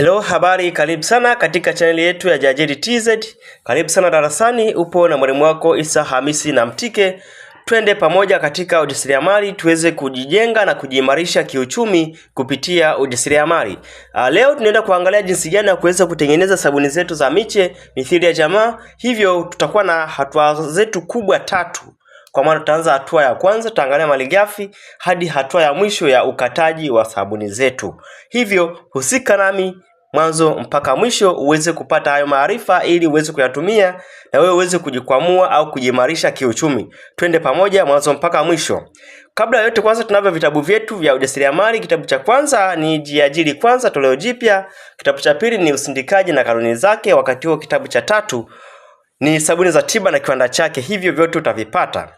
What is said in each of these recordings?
Hello, habari, karibu sana katika chaneli yetu ya Jajedi TZ. Karibu sana darasani, upo na mwalimu wako Isa Hamisi na Mtike. Twende pamoja katika ujasiriamali tuweze kujijenga na kujiimarisha kiuchumi kupitia ujasiriamali. Ah, leo tunaenda kuangalia jinsi gani ya kuweza kutengeneza sabuni zetu za miche mithili ya jamaa. Hivyo tutakuwa na hatua zetu kubwa tatu kwa maana tutaanza hatua ya kwanza, tutaangalia malighafi hadi hatua ya mwisho ya ukataji wa sabuni zetu. Hivyo husika nami mwanzo mpaka mwisho uweze kupata hayo maarifa ili uweze kuyatumia na wewe uweze kujikwamua au kujiimarisha kiuchumi. Twende pamoja mwanzo mpaka mwisho. Kabla ya yote, kwanza tunavyo vitabu vyetu vya ujasiriamali. Kitabu cha kwanza ni Jiajiri Kwanza, toleo jipya. Kitabu cha pili ni Usindikaji na kanuni zake, wakati huo kitabu cha tatu ni Sabuni za Tiba na kiwanda chake. Hivyo vyote utavipata.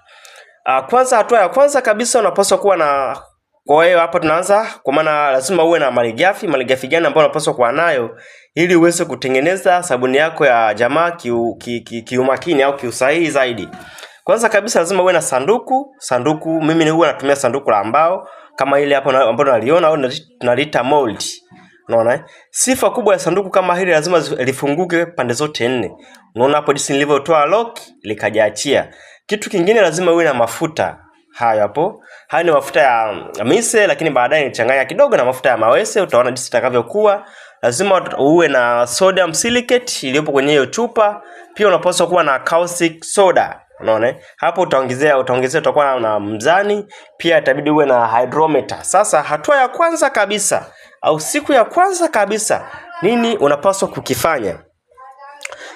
Ah, kwanza, hatua ya kwanza kabisa unapaswa kuwa na kwa hiyo hapa tunaanza, kwa maana lazima uwe na malighafi. Malighafi gani ambayo unapaswa kuwa nayo ili uweze kutengeneza sabuni yako ya jamaa kiumakini ki, ki, ki au kiusahihi zaidi? Kwanza kabisa lazima uwe na sanduku. Sanduku mimi ni huwa natumia sanduku la mbao kama ile hapo ambayo naliona au tunaliita mold. Unaona? Eh? Sifa kubwa ya sanduku kama hili lazima lifunguke pande zote nne. Unaona hapo jinsi nilivyotoa lock likajaachia. Kitu kingine lazima uwe na mafuta hayo hapo hayo ni mafuta ya mise lakini baadaye nichanganya kidogo na mafuta ya mawese utaona jinsi itakavyokuwa lazima uwe na sodium silicate iliyopo kwenye hiyo chupa pia unapaswa kuwa na caustic soda unaona eh? hapo utaongezea utaongezea utakuwa na mzani pia itabidi uwe na hydrometer sasa hatua ya kwanza kabisa au siku ya kwanza kabisa nini unapaswa kukifanya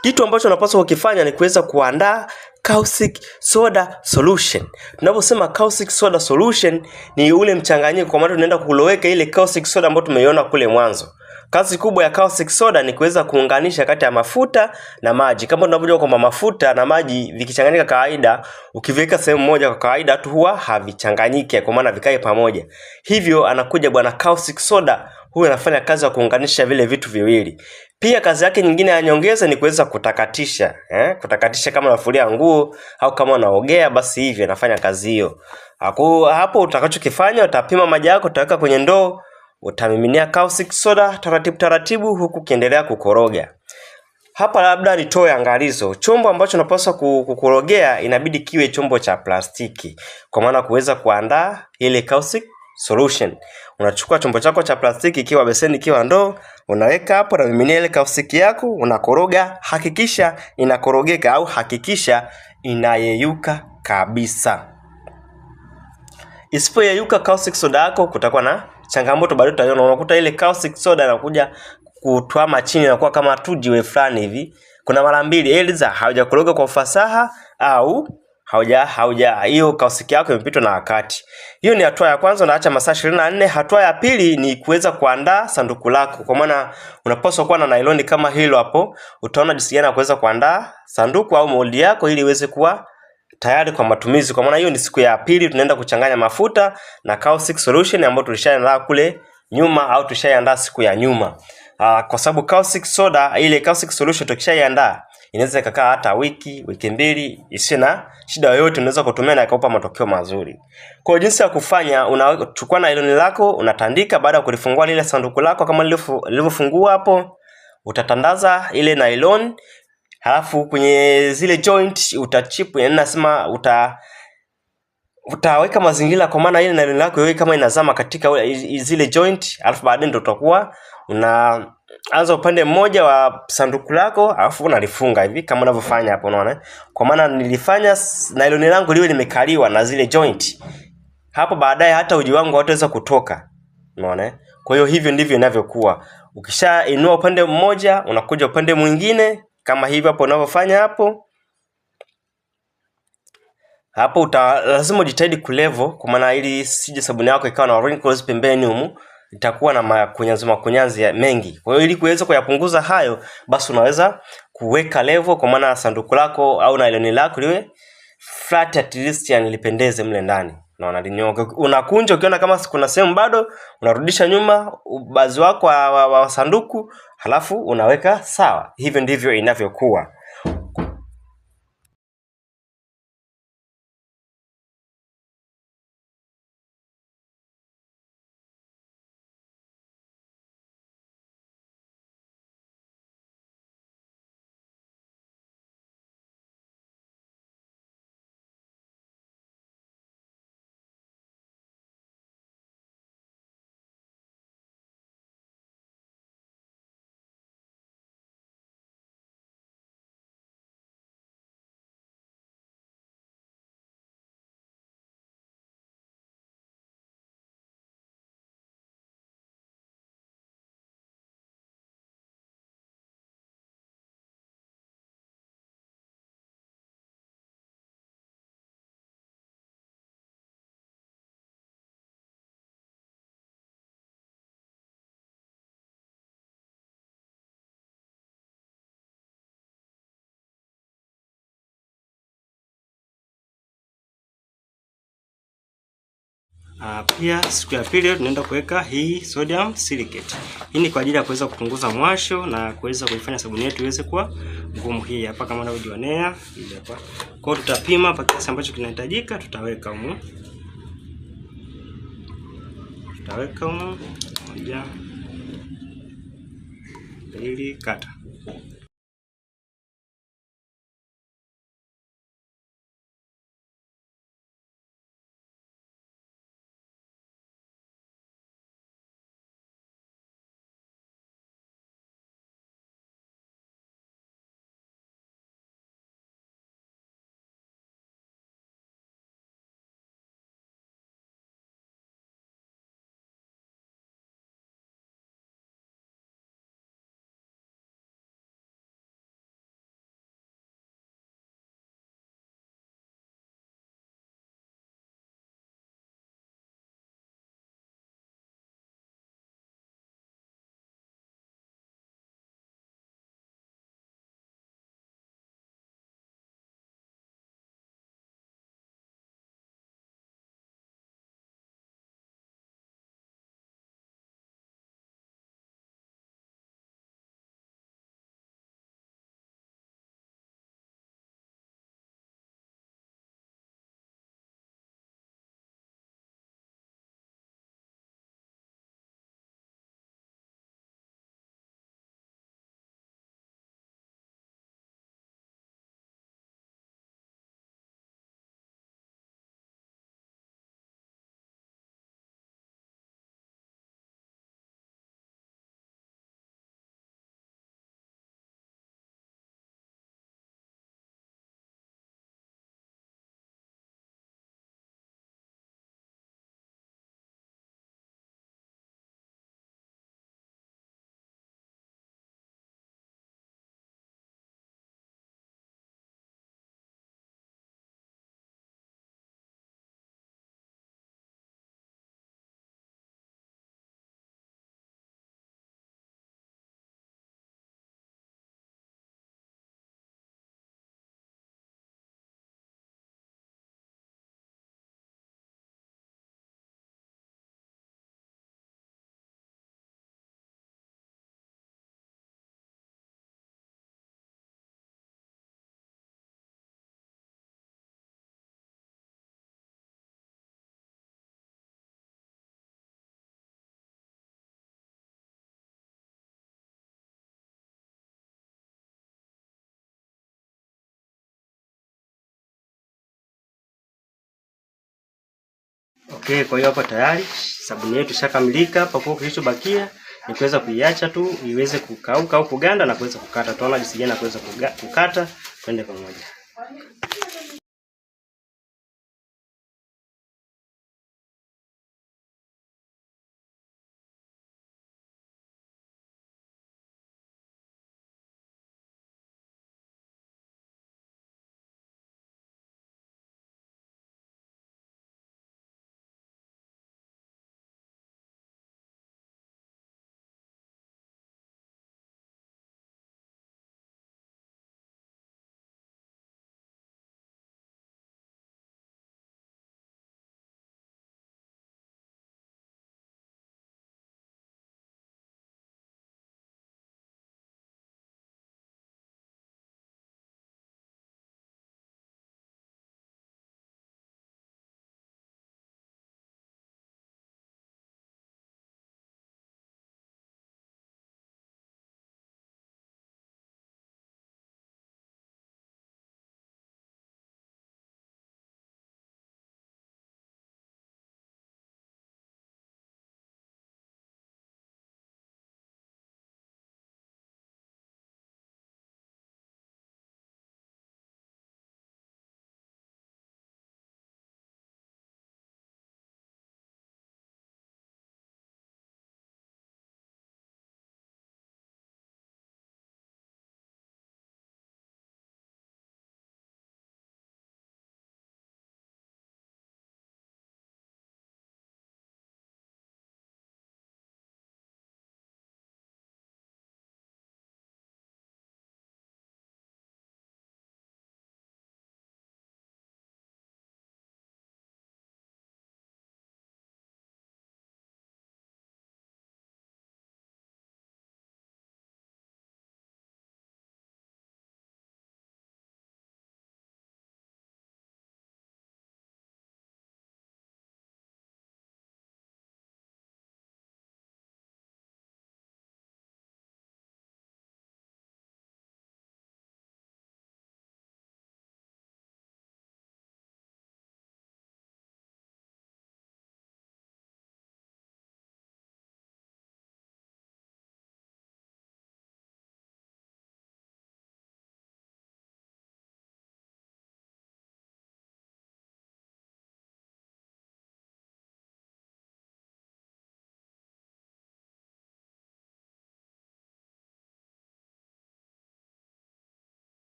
kitu ambacho unapaswa kukifanya ni kuweza kuandaa caustic soda solution. Tunaposema caustic soda solution ni ule mchanganyiko, kwa maana tunaenda kuloweka ile caustic soda ambayo tumeiona kule mwanzo. Kazi kubwa ya caustic soda ni kuweza kuunganisha kati ya mafuta na maji. Kama tunavyojua kwamba mafuta na maji vikichanganyika kawaida, ukiviweka sehemu moja kwa kawaida tu huwa havichanganyiki, kwa maana vikae pamoja. Hivyo anakuja bwana caustic soda huwa inafanya kazi ya kuunganisha vile vitu viwili. Pia kazi yake nyingine ya nyongeza ni kuweza kutakatisha eh? Kutakatisha kama unafulia nguo au kama unaogea, basi hivyo inafanya kazi hiyo. Hapo utakachokifanya utapima maji yako, utaweka kwenye ndoo, utamiminia caustic soda taratibu taratibu, huku ukiendelea kukoroga. Hapa labda nitoe angalizo. Chombo ambacho unapaswa kukorogea inabidi kiwe chombo cha plastiki, kwa maana kuweza kuandaa ile caustic solution. Unachukua chombo chako cha plastiki, ikiwa beseni, ikiwa ndoo, unaweka hapo, unamiminia ile kausiki yako, unakoroga. Hakikisha inakorogeka au hakikisha inayeyuka kabisa. Isipoyeyuka caustic soda yako, kutakuwa na changamoto bado, utaiona. Unakuta ile caustic soda inakuja kutwama chini, inakuwa kama tujiwe fulani hivi. Kuna mara mbili, aidha haujakoroga kwa ufasaha au hauja hauja hiyo kausiki yako imepitwa na wakati. Hiyo ni hatua ya kwanza, unaacha masaa 24. Hatua ya pili ni kuweza kuandaa sanduku lako, kwa maana unapaswa kuwa na nailoni kama hilo hapo. Utaona jinsi gani kuweza kuandaa sanduku au moldi yako ili iweze kuwa tayari kwa matumizi. Kwa maana hiyo ni siku ya pili, tunaenda kuchanganya mafuta na caustic solution ambayo tulishaandaa kule nyuma au tulishaandaa siku ya nyuma. Aa, ah, kwa sababu caustic soda ile caustic solution tukishaiandaa inaweza ikakaa hata wiki wiki mbili isiwe na shida yoyote, unaweza kutumia na ikaupa matokeo mazuri. Kwa jinsi ya kufanya, unachukua nailoni lako unatandika. Baada ya kulifungua lile sanduku lako kama lilivyofungua hapo, utatandaza ile nailoni, halafu kwenye zile joint utachipu yani nasema uta utaweka mazingira kwa maana ile nailoni lako iwe kama inazama katika zile joint, alafu baadaye ndio utakuwa una anza upande mmoja wa sanduku lako alafu unalifunga hivi kama unavyofanya hapo unaona kwa maana nilifanya nailoni langu liwe limekaliwa na zile joint hapo baadaye hata uji wangu hautaweza kutoka unaona kwa hiyo hivyo ndivyo inavyokuwa ukishainua upande mmoja unakuja upande mwingine kama hivyo hapo unavyofanya hapo hapo uta lazima ujitahidi kulevo kwa maana ili sije sabuni yako ikawa na wrinkles pembeni humu itakuwa na makunyanzi makunyanzi mengi. Kwa hiyo ili kuweza kuyapunguza hayo, basi unaweza kuweka level, kwa maana sanduku lako au nailoni lako liwe flat at least, yani lipendeze mle ndani unaona linyoka. Unakunja, ukiona kama kuna sehemu bado, unarudisha nyuma ubazi wako wa, wa, wa sanduku, halafu unaweka sawa. Hivyo ndivyo inavyokuwa. Uh, pia siku ya pili tunaenda kuweka hii sodium silicate. Hii ni kwa ajili ya kuweza kupunguza mwasho na kuweza kuifanya sabuni yetu iweze kuwa ngumu. Hii hapa kama unavyojionea ile hapa. Kwa hiyo tutapima hapa kiasi ambacho kinahitajika, tutaweka huko. Tutaweka huko moja mbili, kata. Okay, kwa hiyo hapa tayari sabuni yetu ishakamilika. Pakuwa kilichobakia ni kuweza kuiacha tu iweze kukauka au kuganda na kuweza kukata. Tuona jinsi gani na kuweza kukata, twende pamoja.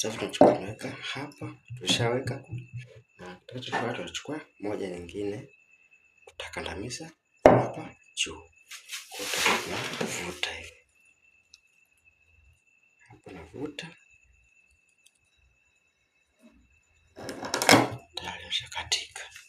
Sasa tutachukua tunaweka hapa, tushaweka na tutachukua tunachukua moja nyingine tutakandamiza hapa juu, tunavuta hivi hapo, navuta tayari katika